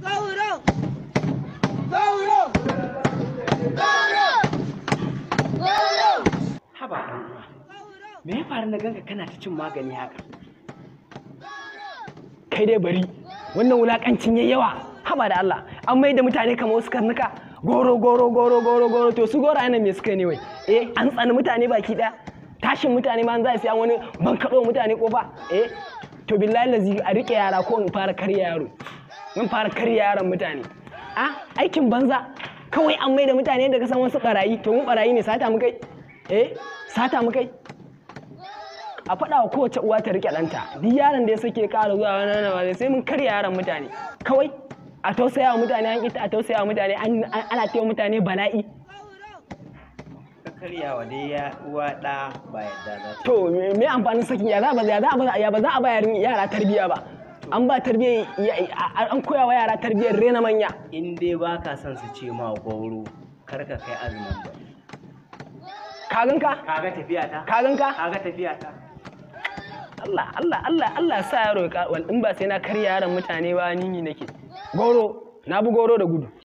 me ya faru na ganka kana ta cin magani haka kai dai bari wannan wulakancin ya yawa haba da Allah an mai da mutane kamar wasu karnuka goro goro goro goro goro to su gora yana me suka ne wai eh an tsani mutane baki ɗaya, tashin mutane ma an za su yi wani bankaɗo mutane kofa eh to billahi lazi a rike yara ko in fara karya yaro mun fara karya yaran mutane a aikin banza kawai an mai da mutane daga san wasu barayi to mun barayi ne sata mu kai eh sata mu kai a faɗa wa kowace uwa ta rike ɗanta duk yaron da ya sake ƙara zuwa wani nan sai mun karya yaran mutane kawai a tausaya wa mutane an a tausaya wa mutane ana taimaka mutane bala'i karyawa dai ya uwa da ba to me amfanin sakin yara ba za a ya ba za a bayar yara tarbiyya ba an ba tarbiyyar an koya wa yara tarbiyyar rena manya in dai ba ka son su ce ma gwauro kar ka kai azumin ba kagan ka kaga tafiya ta kagan ka kaga tafiya ta Allah Allah Allah Allah sa yaro ya in ba sai na karya yaran mutane ba ni nake goro na bi goro da gudu